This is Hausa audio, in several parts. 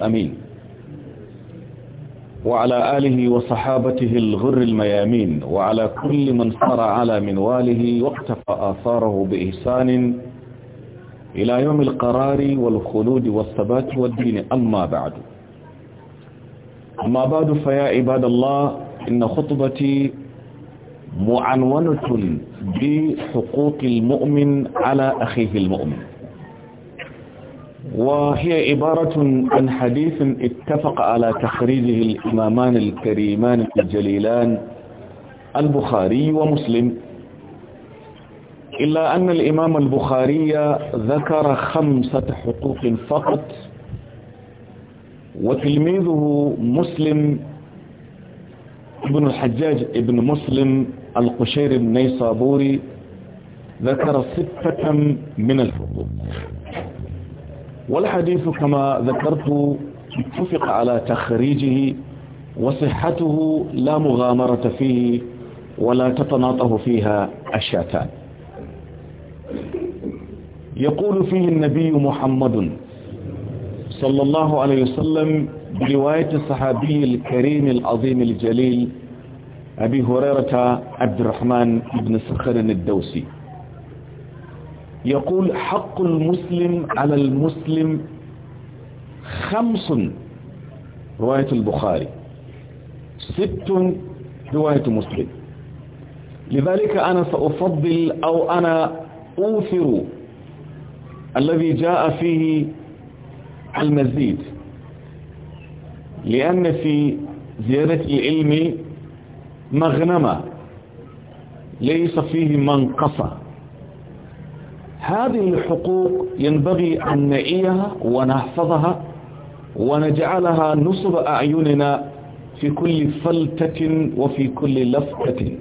أمين وعلى آله وصحابته الغر الميامين وعلى كل من صار على منواله واقتفى آثاره بإحسان إلى يوم القرار والخلود والثبات والدين أما بعد أما بعد فيا عباد الله إن خطبتي معنونة بحقوق المؤمن على أخيه المؤمن وهي عبارة عن حديث اتفق على تخريجه الإمامان الكريمان الجليلان البخاري ومسلم إلا أن الإمام البخاري ذكر خمسة حقوق فقط وتلميذه مسلم ابن الحجاج ابن مسلم القشير النيسابوري ذكر ستة من الحقوق والحديث كما ذكرت اتفق على تخريجه وصحته لا مغامرة فيه ولا تتناطه فيها الشاتان يقول فيه النبي محمد صلى الله عليه وسلم برواية الصحابي الكريم العظيم الجليل أبي هريرة عبد الرحمن بن سخر الدوسي يقول حق المسلم على المسلم خمس رواية البخاري ست رواية مسلم لذلك أنا سأفضل أو أنا أوثر الذي جاء فيه المزيد لأن في زيادة العلم مغنمة ليس فيه منقصة هذه الحقوق ينبغي أن نعيها ونحفظها ونجعلها نصب أعيننا في كل فلتة وفي كل لفتة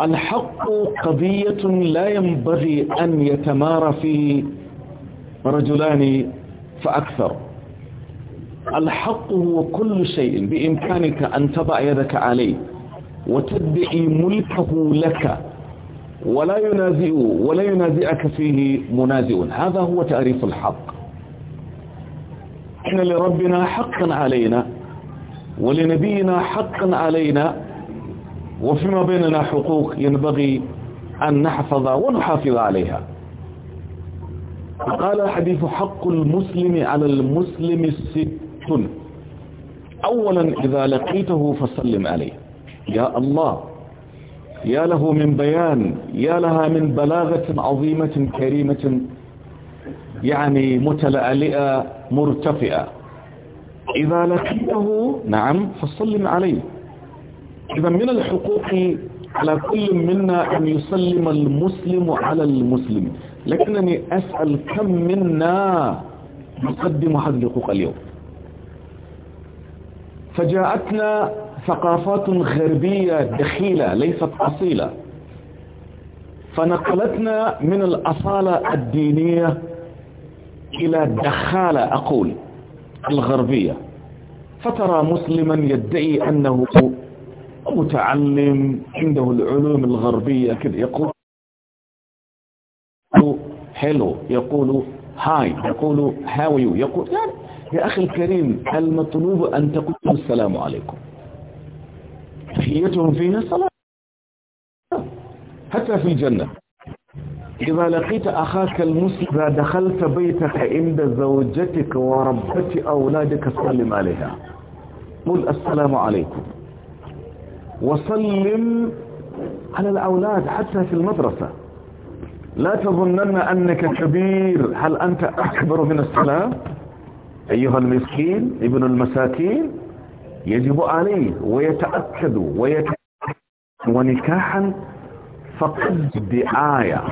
الحق قضية لا ينبغي أن يتمارى فيه رجلان فأكثر الحق هو كل شيء بإمكانك أن تضع يدك عليه وتدعي ملكه لك ولا ينازئ ولا ينازئك فيه منازئ هذا هو تعريف الحق احنا لربنا حقا علينا ولنبينا حقا علينا وفيما بيننا حقوق ينبغي أن نحفظ ونحافظ عليها قال حديث حق المسلم على المسلم ست اولا إذا لقيته فسلم عليه يا الله يا له من بيان يا لها من بلاغة عظيمة كريمة يعني متلألئة مرتفئة إذا لقيته نعم فسلم عليه إذا من الحقوق على كل منا أن يسلم المسلم على المسلم لكنني أسأل كم منا يقدم هذه الحقوق اليوم فجاءتنا ثقافات غربية دخيلة ليست أصيلة فنقلتنا من الأصالة الدينية إلى الدخالة أقول الغربية فترى مسلما يدعي أنه متعلم عنده العلوم الغربية كذا يقول حلو يقول هاي يقول هاوي يقول يعني يا أخي الكريم المطلوب أن تقول السلام عليكم تحيتهم فيها صلاة حتى في الجنة إذا لقيت أخاك المسلم دخلت بيتك عند زوجتك وربت أولادك سلم عليها قل السلام عليكم وسلم على الأولاد حتى في المدرسة لا تظنن أنك كبير هل أنت أكبر من السلام؟ أيها المسكين ابن المساكين يجب عليه ويتأكد ويتأكد ونكاحا فقد الدعاية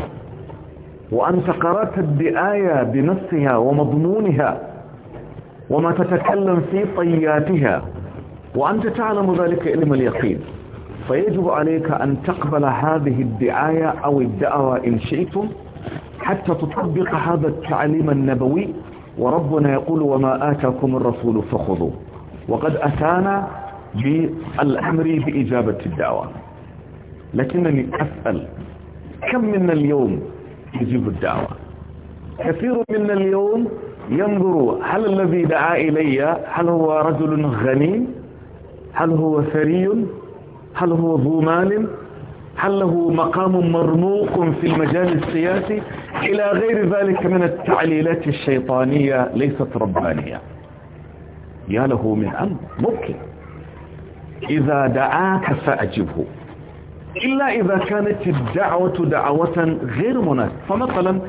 وأنت قرأت الدعاية بنفسها ومضمونها وما تتكلم في طياتها وأنت تعلم ذلك علم اليقين فيجب عليك أن تقبل هذه الدعاية أو الدعوة إن شئتم حتى تطبق هذا التعليم النبوي وربنا يقول وما آتاكم الرسول فخذوه وقد أتانا بالأمر بإجابة الدعوة لكنني أسأل كم منا اليوم يجيب الدعوة كثير منا اليوم ينظر هل الذي دعا إلي هل هو رجل غني هل هو ثري هل هو ذو مال هل له مقام مرموق في المجال السياسي إلى غير ذلك من التعليلات الشيطانية ليست ربانية يا له من أمر ممكن إذا دعاك فأجبه إلا إذا كانت الدعوة دعوة غير مناسبة فمثلا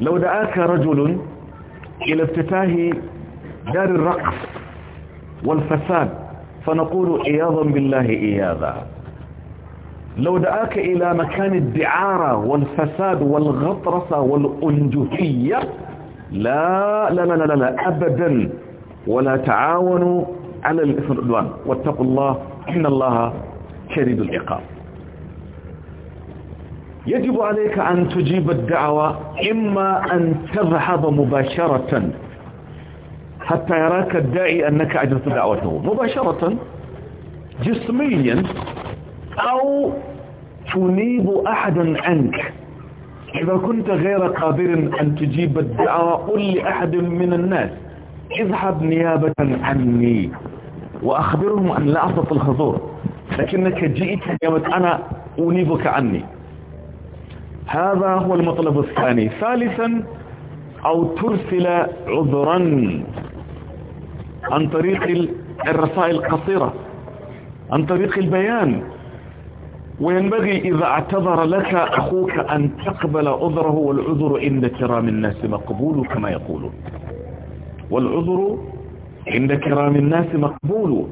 لو دعاك رجل إلى افتتاح دار الرقص والفساد فنقول عياذا بالله إياذا لو دعاك إلى مكان الدعارة والفساد والغطرسة والأنجهية لا لا لا لا لا أبدا ولا تعاونوا على الإثم والعدوان واتقوا الله إن الله شديد العقاب يجب عليك أن تجيب الدعوة إما أن تذهب مباشرة حتى يراك الداعي أنك أجبت دعوته مباشرة جسميا أو تنيب أحدا عنك إذا كنت غير قادر أن تجيب الدعاء قل لأحد من الناس اذهب نيابة عني وأخبرهم أن لا أصف الحضور لكنك جئت نيابة أنا أنيبك عني هذا هو المطلب الثاني ثالثا أو ترسل عذرا عن طريق الرسائل القصيرة عن طريق البيان وينبغي إذا اعتذر لك أخوك أن تقبل عذره والعذر عند كرام الناس مقبول كما يقولون والعذر عند كرام الناس مقبول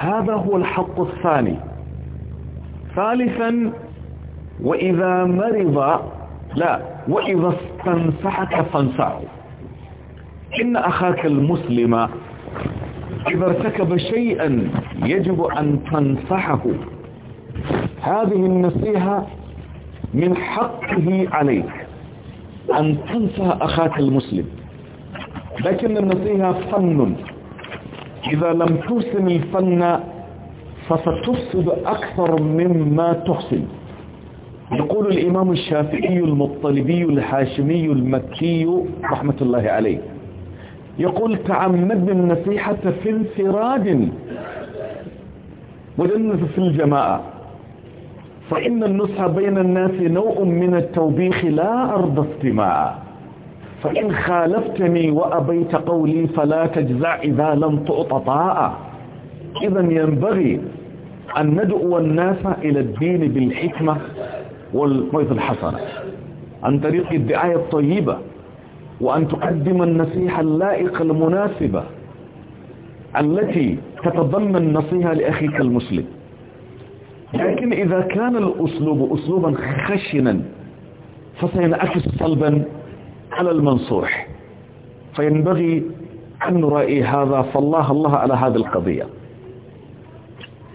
هذا هو الحق الثاني ثالثا وإذا مرض لا وإذا استنصحك فانصعه إن أخاك المسلم إذا ارتكب شيئا يجب أن تنصحه هذه النصيحة من حقه عليك أن تنسى أخاك المسلم لكن النصيحة فن إذا لم ترسم الفن فستفسد أكثر مما تحسن يقول الإمام الشافعي المطلبي الحاشمي المكي رحمة الله عليه يقول تعمدنا النصيحة في انفراد ودن في الجماعة فإن النصح بين الناس نوع من التوبيخ لا أرضى استماع فإن خالفتني وأبيت قولي فلا تجزع إذا لم تؤط طاعة إذا ينبغي أن ندعو الناس إلى الدين بالحكمة والموت الحسنة عن طريق الدعاية الطيبة وأن تقدم النصيحة اللائقة المناسبة التي تتضمن نصيحة لأخيك المسلم لكن إذا كان الأسلوب أسلوبا خشنا فسينعكس صلبا على المنصوح فينبغي أن نرأي هذا فالله الله على هذه القضية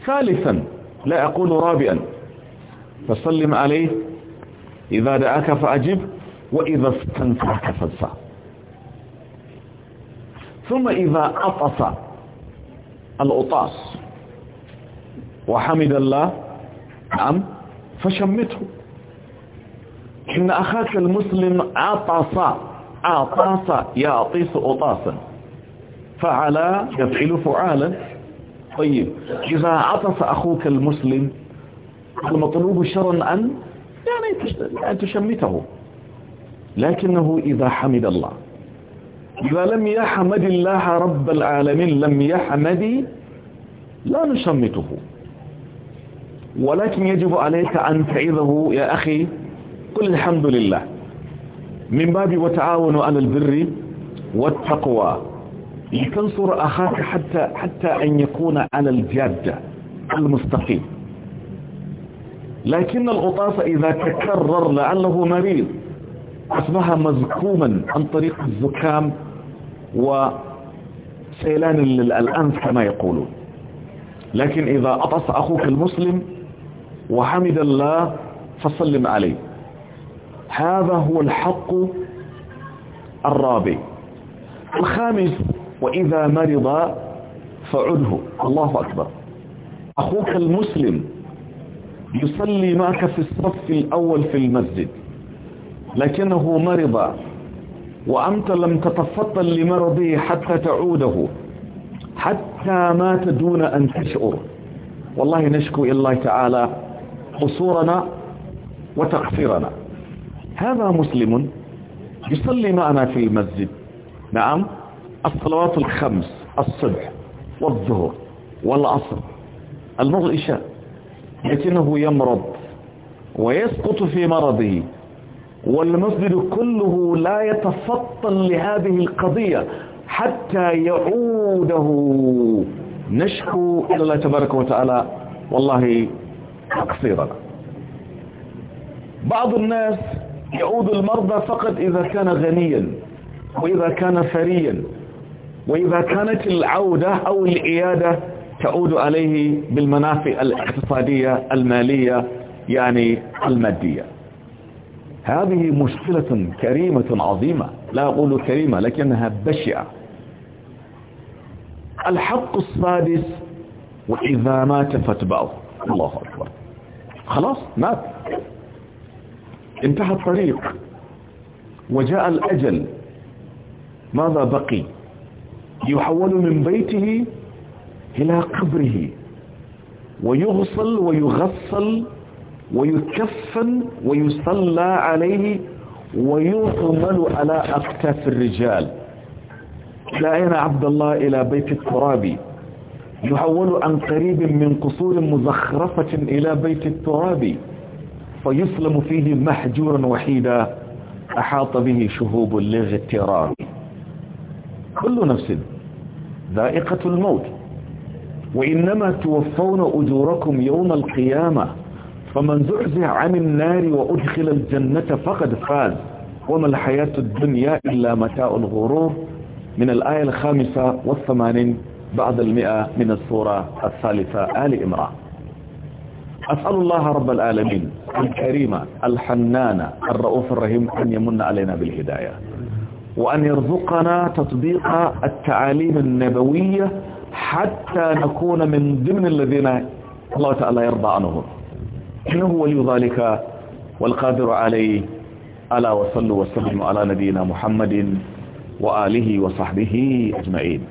ثالثا لا أقول رابعا فسلم عليه إذا دعاك فأجب وإذا استنفعك فانسى ثم إذا أطس الأطاس وحمد الله نعم فشمته إن أخاك المسلم عطس عطس يعطيس أطاسا فعلى يفعل فعالا طيب إذا عطس أخوك المسلم المطلوب شرا أن يعني أن تشمته لكنه إذا حمد الله إذا لم يحمد الله رب العالمين لم يحمد لا نشمته ولكن يجب عليك أن تعظه يا أخي قل الحمد لله من باب وتعاونوا على البر والتقوى لتنصر أخاك حتى, حتى أن يكون على الجادة المستقيم لكن الغطاس إذا تكرر لعله مريض أصبح مزكوما عن طريق الزكام وسيلان الأنف كما يقولون لكن إذا أطس أخوك المسلم وحمد الله فسلم عليه هذا هو الحق الرابع الخامس وإذا مرض فعده الله أكبر أخوك المسلم يصلي معك في الصف الأول في المسجد لكنه مرض وأنت لم تتفطن لمرضه حتى تعوده حتى مات دون أن تشعر والله نشكو إلى الله تعالى قصورنا وتقصيرنا هذا مسلم يصلي معنا في المسجد نعم الصلوات الخمس الصبح والظهر والعصر المرء لكنه يمرض ويسقط في مرضه والمسجد كله لا يتفطن لهذه القضية حتى يعوده نشكو إلى الله تبارك وتعالى والله تقصيرا بعض الناس يعود المرضى فقط إذا كان غنيا وإذا كان ثريا وإذا كانت العودة أو العيادة تعود عليه بالمنافع الاقتصادية المالية يعني المادية هذه مشكلة كريمة عظيمة لا أقول كريمة لكنها بشعة الحق السادس وإذا ما فاتبعه الله أكبر خلاص مات انتهى الطريق وجاء الأجل ماذا بقي يحول من بيته إلى قبره ويغسل ويغسل ويكفن ويصلى عليه ويطمل على أكتاف الرجال لا أين عبد الله إلى بيت الترابي يحول عن قريب من قصور مزخرفة إلى بيت التراب فيسلم فيه محجورا وحيدا أحاط به شهوب للاغتراب كل نفس ذائقة الموت وإنما توفون أجوركم يوم القيامة فمن زعزع عن النار وأدخل الجنة فقد فاز وما الحياة الدنيا إلا متاع الغرور من الآية الخامسة والثمانين بعد المئة من الصورة الثالثة آل إمرأة أسأل الله رب العالمين الكريم الحنان الرؤوف الرحيم أن يمن علينا بالهداية وأن يرزقنا تطبيق التعاليم النبوية حتى نكون من ضمن الذين الله تعالى يرضى عنهم إنه ولي ذلك والقادر عليه ألا وصلوا وسلموا على نبينا محمد وآله وصحبه أجمعين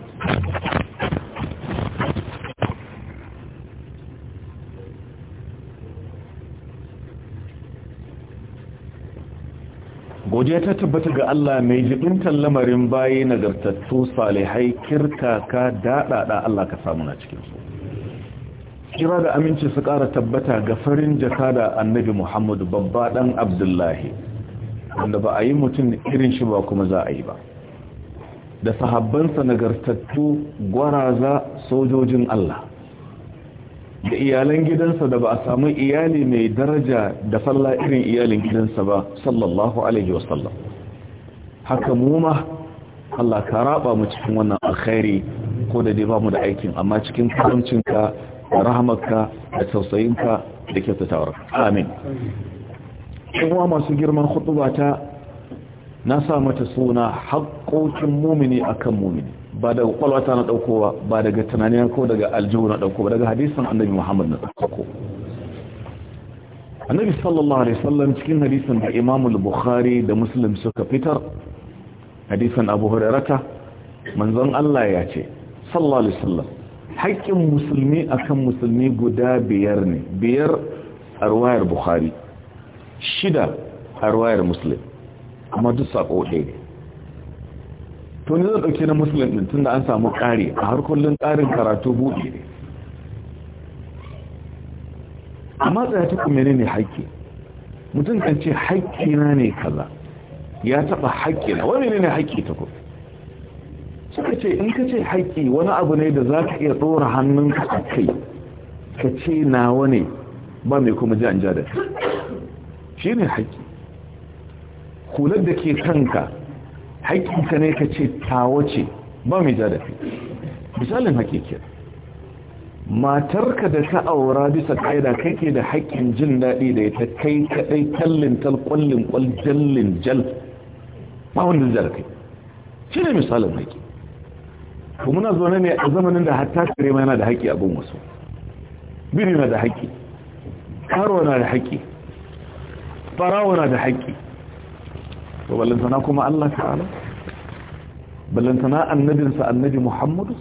goje ta tabbata ga Allah mai jibintan lamarin bayi nagartattu salihai kirka kirkaka daɗaɗa Allah ka samu na cikinsu kira da aminci su ƙara tabbata ga farin jaka da annabi muhammadu babba ɗan abdullahi wanda ba a yi mutum irin shi ba kuma za a yi ba da sahabbansa nagartattu gwaraza sojojin Allah da iyalan gidansa da ba a samu iyali mai daraja da falla irin iyalin gidansa ba sallallahu alaihi wasallam haka mu ma Allah ka raba mu cikin wannan alkhairi ko da dai ba da aikin amma cikin karamcinka da rahamarka da tausayinka da kyautatawarka amin kuma masu girman hutuba na sa mata suna haƙoƙin mumini akan mumini ba daga kwalwata na ɗaukowa ba daga tunani ko daga aljihu na ɗauko ba daga hadisan annabi muhammad na ɗauko annabi sallallahu alaihi sallam cikin hadisan da imam al-bukhari da muslim suka fitar hadisan abu hurairata manzon Allah ya ce sallallahu alaihi sallam haƙƙin musulmi akan musulmi guda biyar ne biyar a ruwayar bukhari shida a ruwayar muslim amma duk sako ɗaya ne to ne zan ɗauke na musulun ɗin tun da an samu ƙari a har kullum ƙarin karatu buɗe ne amma tsaye ta kuma ne haƙƙi mutum kan ce haƙƙina ne kaza ya taɓa haƙƙina wani ne haƙƙi ta kuma suka ce in ka ce haƙƙi wani abu ne da za ka iya ɗora hannunka a kai ka ce nawa ne ba mai kuma ji an ja da shi ne haƙƙi hular da ke kanka haƙƙinka ne ka ce tawo ce ba mai fi misalin haƙiƙiyar matarka da ka aura bisa ƙa'ida kai ke da haƙƙin jin daɗi da ita kai kaɗai kallin talƙwallin ƙwallin jal ba wanda zai kai shi ne misalin haƙƙi ko muna zaune ne a zamanin da hatta kare ma yana da haƙƙi abin wasu biri na da haƙƙi karuwa na da haƙƙi farawa na da haƙƙi to ballantana kuma Allah ta'ala ballantana annabinsa annabi Muhammadu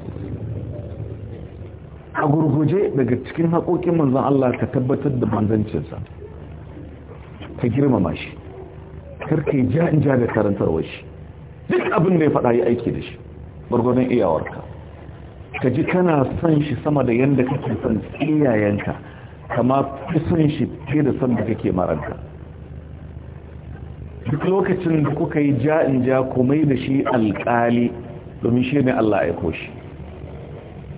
a gurguje daga cikin haƙoƙin manzon Allah ka tabbatar da manzancinsa ka girmama shi karkai ja in ja da karantarwa shi duk abin da ya faɗa yi aiki da shi bargwadon iyawarka ka ji kana son shi sama da yadda kake son iyayenka kama fi son shi fiye da son da kake maranka duk lokacin da kuka yi ja in ja komai da shi alƙali domin shi ne Allah ya shi.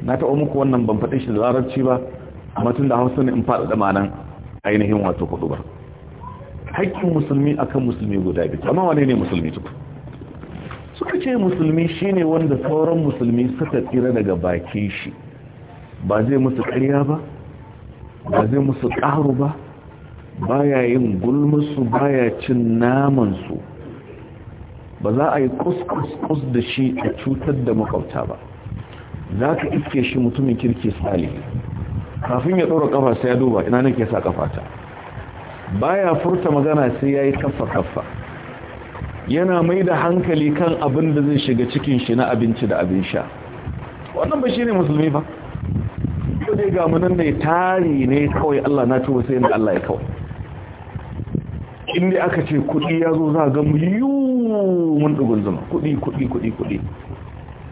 na taɓa muku wannan ban faɗi shi da larabci ba amma tun da hausa ne in faɗa da ma'anan ainihin wato kuɗu ba haƙƙin musulmi akan musulmi guda biyu amma wane ne musulmi tuku suka ce musulmi shine wanda sauran musulmi suka tsira daga bakin shi ba zai musu ƙarya ba ba zai musu ƙaru ba baya yin gulmasu baya cin namansu ba za a yi kuskus da shi a cutar da makauta ba za ka iske shi mutumin kirki tsali kafin ya ɗora kafa sai ya duba ina nake sa kafata baya furta magana sai ya yi kafa kafa yana mai da hankali kan abin da zai shiga cikin shi na abinci da abin sha wannan ba shi ne musulmi ba ko dai ga munan ne tari ne kawai Allah na tuba sai da Allah ya kawai inda aka ce kudi ya zo za a ga mun dugun zama kudi kudi kudi kudi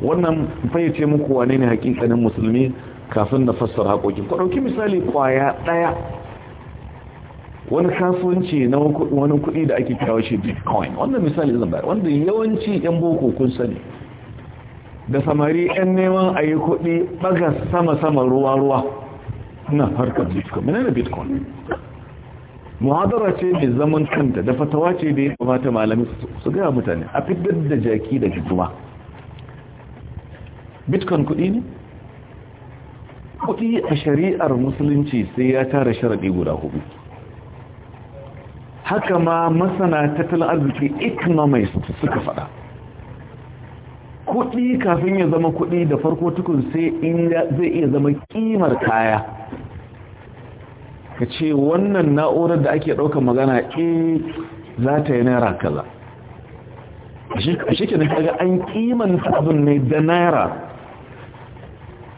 wannan ce muku wane ne hakikanin musulmi kafin na fassara haƙoƙi ku ɗauki misali kwaya ɗaya wani kasuwanci na wani kuɗi da ake kawo shi bitcoin wannan misali zan bayar wanda yawanci yan boko kun sani da samari yan neman a yi kuɗi ɓaga sama-sama ruwa-ruwa na harkar bitcoin menene bitcoin muhadara ce mai zaman kanta da fatawa ce da ya kamata malami su gaya mutane a fitar da jaki da jikuma bitcoin kudi ne kudi a shari'ar musulunci sai ya tara sharaɗi guda hudu haka ma masana tattalin arziki economist suka fada kudi kafin ya zama kudi da farko tukun sai in zai iya zama kimar kaya ka ce wannan na'urar da ake ɗaukar magana ƙi eh, za ta yi naira kaza a shekin da ga an kimanta abin ne da naira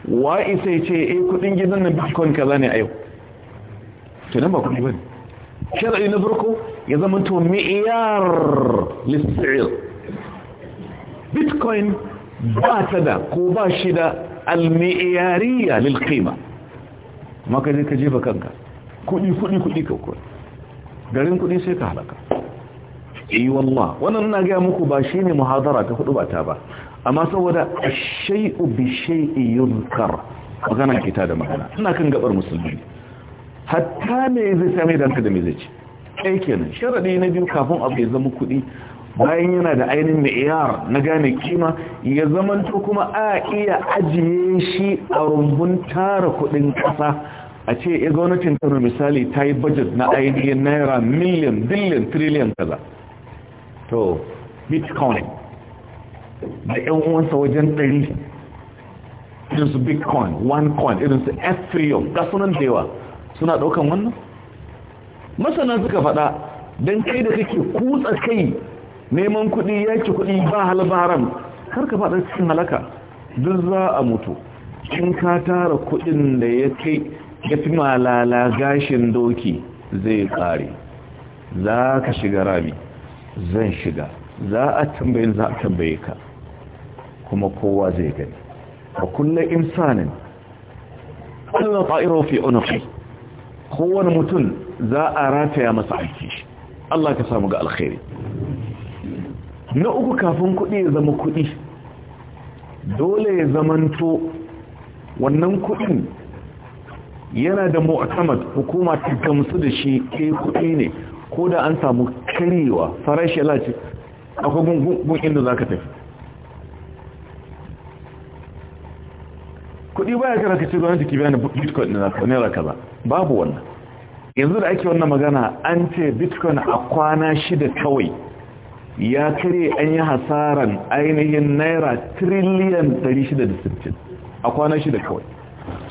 wa'i sai ce e eh, kudin gidan na bitcoin kaza ne a yau nan ba kudi ba ne na farko ya zama to mi'iyar bitcoin ba ta da ko ba shi da almiyariya miiyariya lil maka je ka jefa kanka kudi kudi kudi kawai garin kudi sai ka halaka yi eh, wallah wannan na gaya muku ba shi ne muhadara ta hudu ba ta ba amma saboda shai'u bi shai'i yunkar magana kita da magana ina kan gabar musulmi hatta me zai same da hanka da me zai ci ɗaya kenan sharaɗi na biyu kafin abu ya zama kuɗi bayan yana da ainihin ma'iyar na gane kima ya zamanto kuma a iya ajiye shi a rumbun tara kuɗin ƙasa a ce ya gwamnatin kano misali ta yi budget na ainihin naira miliyan biliyan triliyan kaza to bitcoin da yan uwansa wajen ɗari irinsu bitcoin coin irinsu ethereum ga sunan da yawa suna ɗaukan wannan masana suka faɗa don kai da kake kutsa kai neman kuɗi yaki kuɗi ba halbaran, ba kar ka faɗa cikin halaka duk za a mutu in ka tara kuɗin da ya kai ya fi malala gashin doki zai ƙare za ka shiga rami zan shiga za a tambayin za a tambaye ka kuma kowa zai gani a kullum insanin allah ta'iro fi unufi kowane mutum za a rataya masa aiki Allah ka samu ga alkhairi na uku kafin kuɗi ya zama kuɗi dole ya zamanto wannan kuɗin yana da mu'tamad hukuma ta gamsu da shi ke eh, kuɗi ne ko da an samu karewa farashi ce akwai gungun inda za ka tafi kuɗi baya kana ka ce gwamnati ki biya ni bitcoin na naira kaza babu wannan yanzu da ake wannan magana an ce bitcoin a kwana shida kawai ya kare an yi hasaran ainihin naira triliyan 660 a kwana shida kawai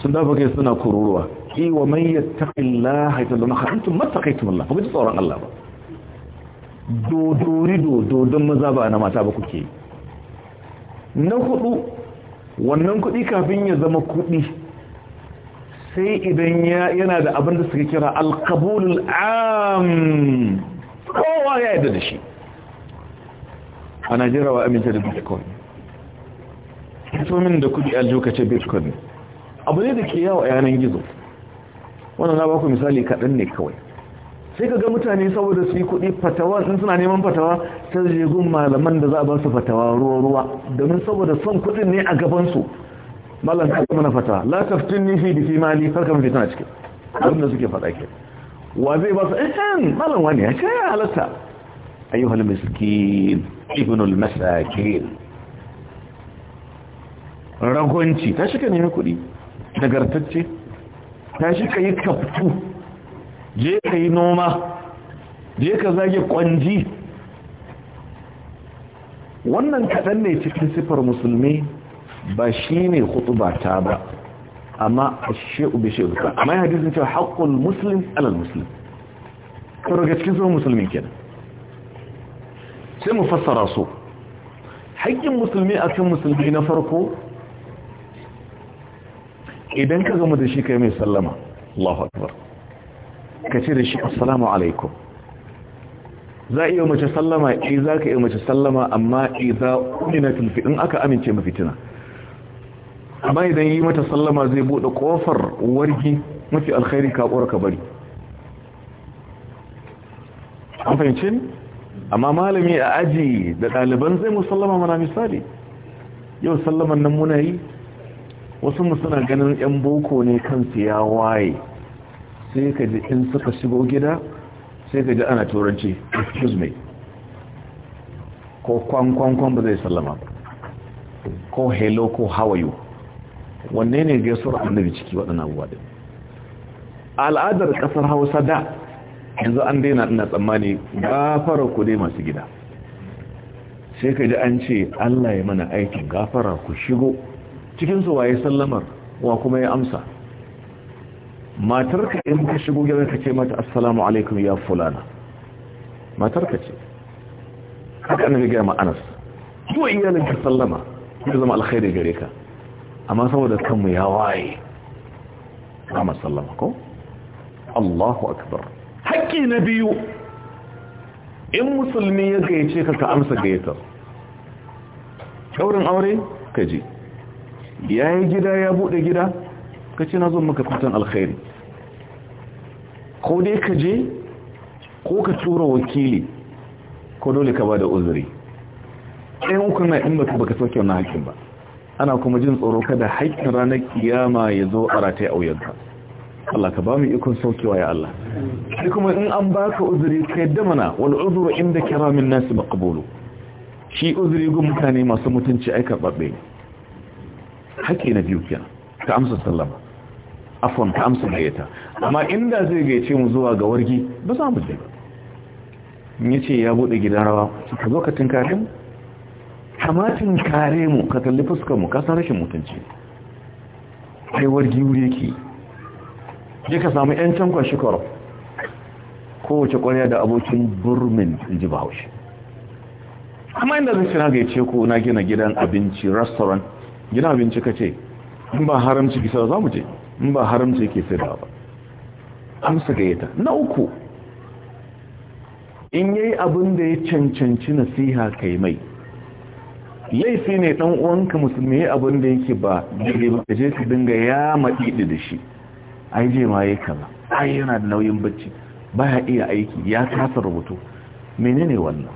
sun dafa kai suna kururuwa yi wa man yattaqillaha yatalluna khaitum mattaqaytum Allah kuma tsoron Allah ba dodori dodo don maza ba na mata ba kuke na hudu wannan kudi kafin ya zama kudi sai idan yana da abin da suka kira alƙabulun am kowa ya yadda da shi a najeriya wa aminta da bitcoin min da kudi aljuka ce bitcoin abu ne da ke yawo a yanar gizo wannan na baku misali kaɗan ne kawai sai ka ga mutane saboda su yi kuɗi fatawa sun suna neman fatawa ta jegun malaman da za a su fatawa ruwa-ruwa domin saboda son kuɗin ne a gabansu malam ka mana fatawa la taftin ni fi fi mali farka mun fitan cikin abin da suke faɗa ke wa zai ba su eh malam wani ya ce halatta ayyuhal miskin ibnul masakin ragunci ta shiga neman kuɗi nagartacce shi ka yi kaftu je ka yi noma je ka zage kwanji wannan kaɗan ne cikin siffar musulmi ba shi ne ta ba amma a she'u bai she'u ba amma yi hadisun cewa haƙƙun musulun alal musulun kuma ga cikin zuwa musulmi kenan sai mu fassara so haƙƙin musulmi a kan musulmi na farko idan ka gama da shi kai mai sallama Allahu akbar ka ce da shi assalamu alaikum za iya mace sallama eh za ka iya mace sallama amma idza uminatul in aka amince ma fitina amma idan yi mata sallama zai bude kofar wargi mafi alkhairi ka kora ka bari an fahimci ni amma malami a aji da ɗaliban zai sallama mana misali yau sallaman nan muna yi wasu suna ganin 'yan boko ne kansu ya waye sai ka ji in suka shigo gida sai ka ji ana turanci excuse me ko kwan kwan kwan ba zai sallama ko hello ko how are you wanne ne gaisuwar annabi ciki waɗanda abubuwa al'adar ƙasar hausa da yanzu an daina ina tsammani gafara ku dai masu gida sai ka ji an ce allah ya mana aikin gafara ku shigo cikin su waye sallamar wa kuma ya amsa matarka in ka shigo gidan ka ce mata assalamu alaikum ya fulana matarka ce haka annabi ga ma'anas yi wa iyalin ka sallama ya zama alkhairi gare ka amma saboda kanmu ya waye Kama sallama ko Allahu akbar haƙƙi na biyu in musulmi ya ce ka ka amsa gayyatar daurin aure ka ji. ya yi gida ya buɗe gida ka ce na zo maka fatan alkhairi ko dai ka je ko ka tura wakili ko dole ka ba da uzuri ɗayan uku na in baka baka sauke na haƙƙin ba ana kuma jin tsoro kada haƙƙin ranar kiyama ya zo a auyar auyanka Allah ka ba mu ikon saukewa ya Allah sai kuma in an baka uzuri ka yadda mana wal uzuru inda kiramin nasu maqbulu shi uzuri gun mutane masu mutunci ai karɓaɓɓe ne haƙƙi na biyu kenan ta amsa sallama afwan ta amsa gayyata amma inda zai gaice mu zuwa ga wargi ba za mu je ba ya yace ya bude gidan rawa ka zo ka tinkare mu kamatin kare mu ka kalli fuskar mu ka san rashin mutunci ai wargi wuri yake je ka samu yan can kwashi kwaro wace kwarya da abokin burmin ji bahaushe amma inda zai shina ga ya ce ko na gina gidan abinci restaurant gina abinci ka ce in ba haramci kisa za mu je in ba haramci ke sai da ba amsa gayyata na uku in yayi abin da ya cancanci nasiha kai mai laifi ne dan uwanka musulmi yayi abin da yake ba daidai ba je ka dinga ya maɗiɗi da shi ai je ma yayi kaza ai yana da nauyin bacci baya iya aiki ya kasa rubutu menene wannan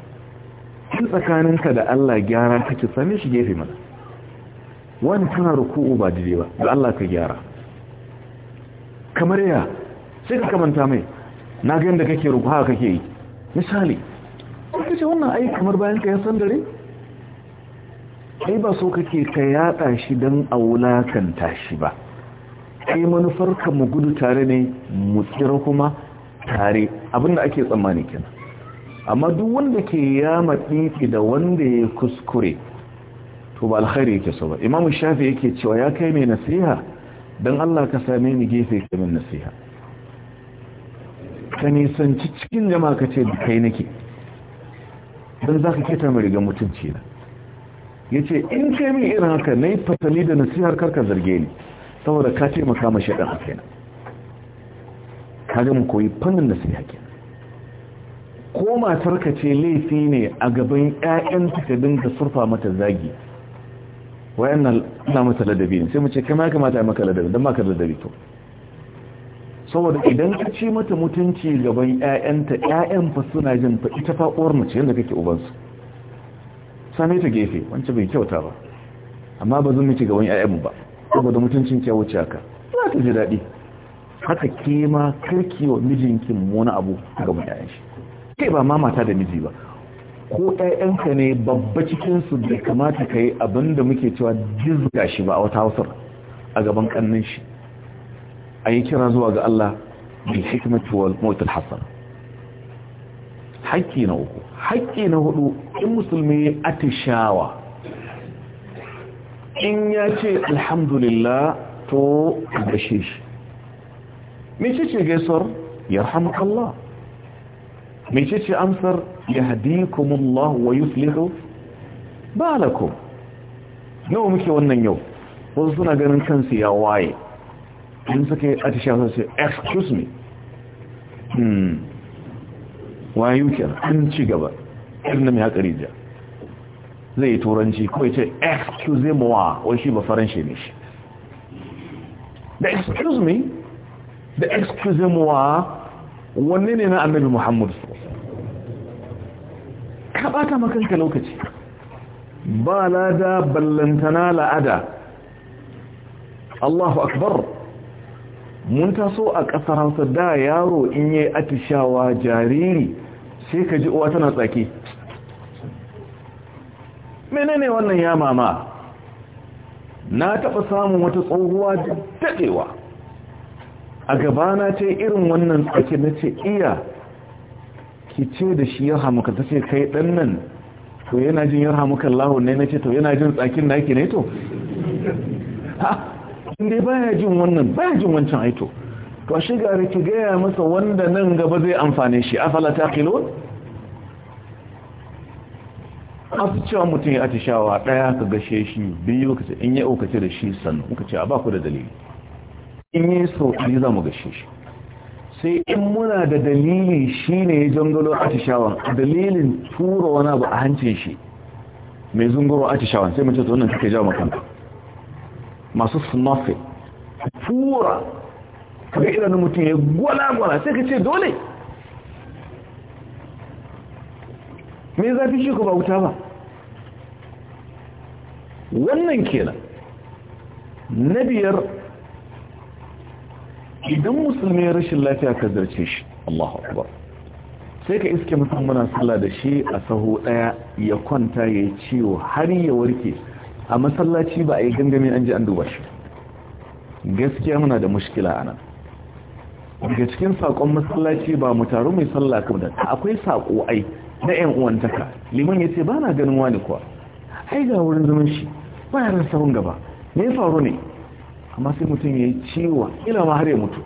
in tsakaninka da Allah gyara kake same shi gefe mana wani tana ruku'u ba dide ba da Allah ka gyara kamar ya sai ka kamanta mai na ga yadda kake ruku haka kake yi misali ka ce wannan ai kamar bayan ka ya san dare kai ba so kake ka yada shi dan a wulakanta shi ba kai manufar ka mu gudu tare ne mu tsira kuma tare abinda ake tsammani kenan amma duk wanda ke ya matsi da wanda ya kuskure to ba alkhairi yake so ba imamu shafi yake cewa ya kai mai nasiha don Allah ka same ni gefe ka min nasiha ka nisanci cikin jama ka ce kai nake don za ka keta mai riga mutunci na ya ce in kai min irin haka na yi fatali da nasihar karka zarge ni saboda ka ce maka mashi ɗan haka yana ka ga mu koyi fannin nasiha ke. ko ka ce laifi ne a gaban 'ya'yanta ka dinga surfa mata zagi wayannan ina mata ladabi ne sai mu ce kama kamata a maka ladabi don maka ladabi to saboda idan ka ce mata mutunci gaban ƴaƴanta ƴaƴan fa suna jin fa ita fa uwar mace yanda kake ubansu same ta gefe wancan bai kyauta ba amma ba zan miki gaban mu ba saboda mutuncin ki wuce haka za ta ji daɗi haka ke ma karki wa mijinki wani abu gaban ƴaƴan shi kai ba ma mata da miji ba ko ƴaƴanka ne babba cikinsu su bai kamata ka abin da muke cewa jizga shi ba a wata hausar a gaban kannin shi a yi kira zuwa ga Allah bil hikmati wal Hassan. haƙƙi na uku haƙƙi na hudu in musulmi ya atishawa in ya ce alhamdulillah to gashe shi mece ce gaisuwar yarhamukallah mece ce amsar yahdikumullahu wa yuslihu balakum nawa muke wannan yau wasu suna ganin kansu ya waye in suka yi atisha sun ce excuse me hmm wayu kenan an ci gaba irin mai hatsari ja zai yi turanci kawai ce excuse me wa wai shi ba faranshe ne shi da excuse me da excuse me wa wanne ne na annabi muhammadu sallallahu ka bata makanka lokaci ba lada ballantana la'ada Allahu akbar mun taso a ƙasar Hausa da yaro in yayi atishawa jariri sai ka ji uwa tana tsaki menene wannan ya mama na taɓa samun wata tsohuwa daɗewa a gaba na ce irin wannan tsaki na ce iya ki ce da shi muka ta ce kai dan nan to yana jin muka Allah ne ce to yana jin tsakin na ne to ha inda baya jin wannan baya jin wancan ai to To shi ga ki gaya masa wanda nan gaba zai amfane shi afala taqilun asu cewa mutum ya shawa daya ka gashe shi biyu ka ce in ya aukace da shi sannan ka ce a ba ku da dalili in yi so ni za mu gashe shi sai in muna da dalili shine ya jangalo atishawan dalilin tura wani abu a hancin shi mai zungaro atishawan sai mace tunan suke jawo makanta masu snuffin tura kaga idanun mutum ya gwala-gwala sai ka ce dole me zafi shi ku ba wuta ba wannan kenan na biyar idan musulmi ya rashin lafiya ka zarce shi Allahu akbar sai ka iske mutum muna sallah da shi a saho daya ya kwanta ya ciwo har ya warke a masallaci ba a yi gangami an ji an duba shi gaskiya muna da mushkila anan daga cikin sakon masallaci ba mu taru mai sallah kan da akwai sako ai na yan uwantaka liman yace ba na ganin wani kuwa ai ga wurin zaman shi ba ran sahun gaba me faru ne amma sai mutum ya yi ciwo ila ma har ya mutu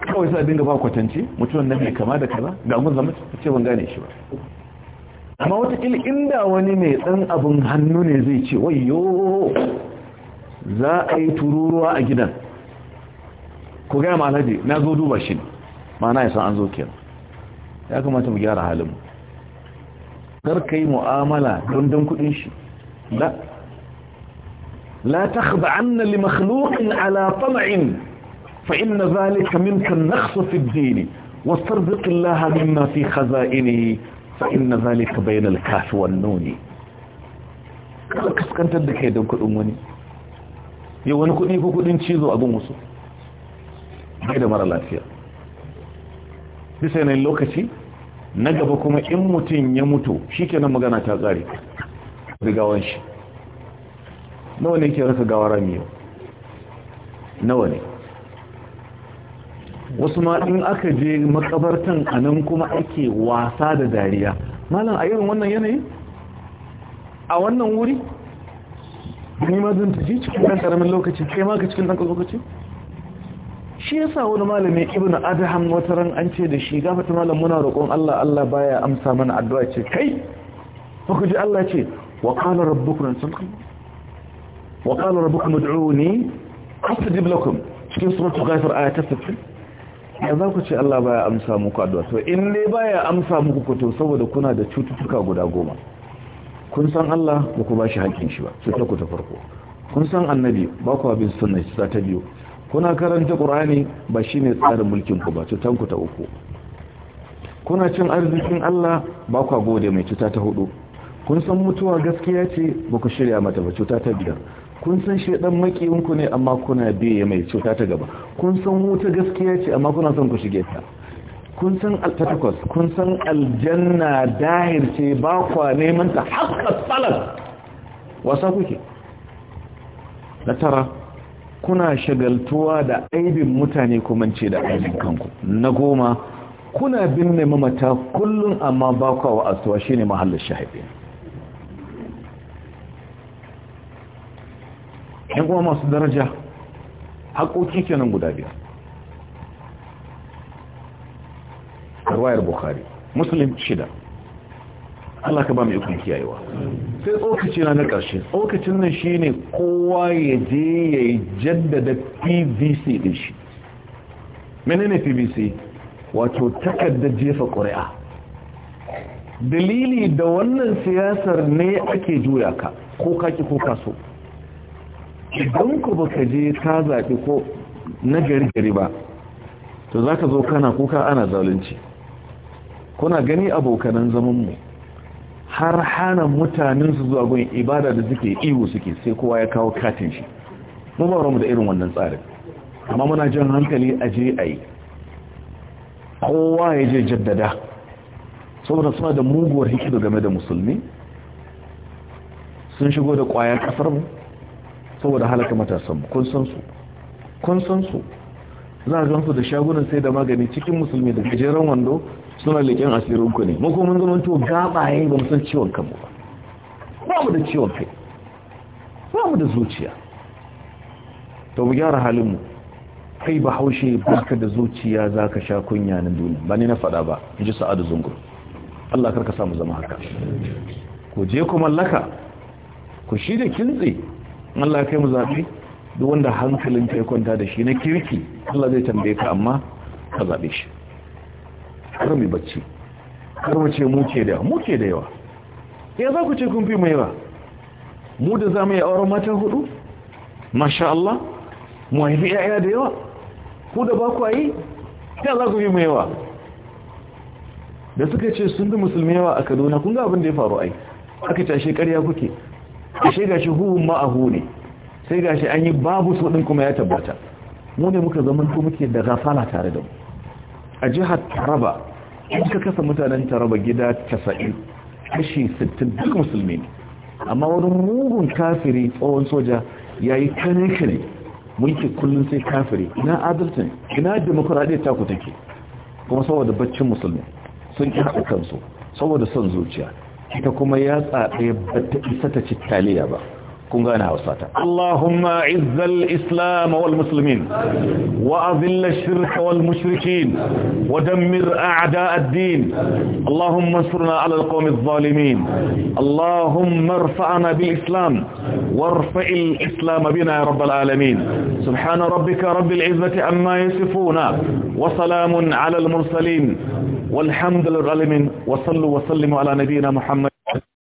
kawai sa dinga ba kwatance mutuwan nan mai kama da kaza ga mun zama ce ban gane shi ba amma watakila inda wani mai dan abin hannu ne zai ce yo. za a yi tururuwa a gidan ku gaya ma alhaji na zo duba shi mana ya san an zo kenan ya kamata mu gyara halin mu. kar ka yi mu'amala don don kudin shi لا تخضعن لمخلوق على طمع فإن ذلك منك النقص في الدين واسترزق الله مما في خزائنه فإن ذلك بين الكاف والنون kada kaskantar da kai don kudin wani Ya wani kudi ko kudin cizo abin wasu bai da mara lafiya bisa yanayin lokaci na gaba kuma in mutum ya mutu shi kenan magana ta tsari rigawan shi nawa ne ke rasa gawara miyo nawa ne wasu ma in aka je makabartan a nan kuma ake wasa da dariya malam a irin wannan yanayi a wannan wuri ni ma zan tafi cikin ɗan ƙaramin lokaci kai ma ka cikin ɗan lokaci shi ya sa wani malami ibn adham wata ran an ce da shi gafata malam muna roƙon Allah Allah baya amsa mana addu'a ce kai ba ku ji Allah ce wa qala rabbukunan sun وقال ربكم ادعوني أستجب لكم cikin suratul ghafir aya ta 60 ya za ku ce Allah baya amsa muku addu'a to in ne baya amsa muku ku to saboda kuna da cututtuka guda goma kun san Allah ba ku bashi hakkin shi ba cutar ku ta farko kun san annabi ba ku abin sunna shi ta biyu kuna karanta qur'ani ba shine tsarin mulkin ku ba cutar ku ta uku kuna cin arzikin Allah ba ku gode mai cuta ta hudu kun san mutuwa gaskiya ce ba ku shirya mata ba cuta ta biyar kun san shi dan makiyinku ne amma kuna biye mai cuta ta gaba kun san wuta gaskiya ce amma kuna son ku shige ta kun san altatakos kun san aljanna dahir ce ba kwa neman ta haka salat wasa kuke na tara kuna shagaltuwa da aibin mutane kuma ce da aibin kanku na goma kuna binne mamata kullum amma ba kwa wa'azuwa shine mahallin shahidi kuma masu daraja haƙoƙi kenan guda biyar karwayar bukhari muslim shida Allah ka ba mu ikon kiyayewa sai tsokaci na na ƙarshe tsokacin nan shi ne kowa ya je ya yi jaddada pvc din shi menene pvc wato takardar jefa ƙuri'a dalili da wannan siyasar ne ake juya ka ko kaki ko kaso idan ku baka je ka zaɓi ko na gari gari ba to za ka zo kana kuka ana zalunci kuna gani abokanan zamanmu har hana mutanen su zuwa gun ibada da suke iwu suke sai kowa ya kawo katin shi mu ba mu da irin wannan tsarin amma muna jan hankali a je a yi kowa ya je jaddada saboda suna da muguwar hikido game da musulmi sun shigo da kwayar kasar mu saboda halaka matasan kun san su kun san su za a su da shagunan sai da magani cikin musulmi da gajeren wando suna leƙen asirin ku ne makomin kuma mun gaba ya yi ba mu san ciwon kanmu ba ba mu da ciwon kai ba mu da zuciya to mu gyara halin mu kai ba haushe baka da zuciya za ka sha kunya na duniya ba ni na faɗa ba in ji sa'adu zungur Allah karka samu zama haka ku je ku mallaka ku shi da kintse Allah kai mu zabi duk wanda hankalin ta kwanta da shi na kirki Allah zai tambaye ka amma ka zabe shi kar mu bacci kar mu ce mu ke da mu ke da yawa ya za ku ce kun fi mu yawa mu da za mu yi auren mata hudu masha Allah mu haifi 'ya'ya da yawa ku da ba ku yi ya za ku fi mu yawa da suka ce sun bi musulmi yawa a kaduna kun ga abin da ya faru ai aka tashi ƙarya kuke ashe gashi huhun ma'ahu ne sai gashi an yi babu su din kuma ya tabbata mu ne muka zama ko muke da gafala tare da mu a jihar Taraba in ka kasa mutanen Taraba gida casa'in kashi 60 duk musulmi ne amma wani mugun kafiri tsohon soja ya yi kane kane mulki kullum sai kafiri ina adalcin ina demokradiyyar taku take kuma saboda baccin musulmi sun ƙi haɗa kansu saboda son zuciya ita kuma ya tsaɗe ba ta isa ta cittaliya ba kun gane hausa ta Allahumma izzal islam wal muslimin wa azilla shirka wal mushrikin wa dammir a'da ad-din Allahumma ansurna ala al-qawmi adh-dhalimin Allahumma irfa'na bil islam warfa' al islam وارفع الإسلام بنا alamin subhana rabbika rabbil izzati amma العزة wa salamun ala al mursalin والحمد لله وصلوا وسلموا على نبينا محمد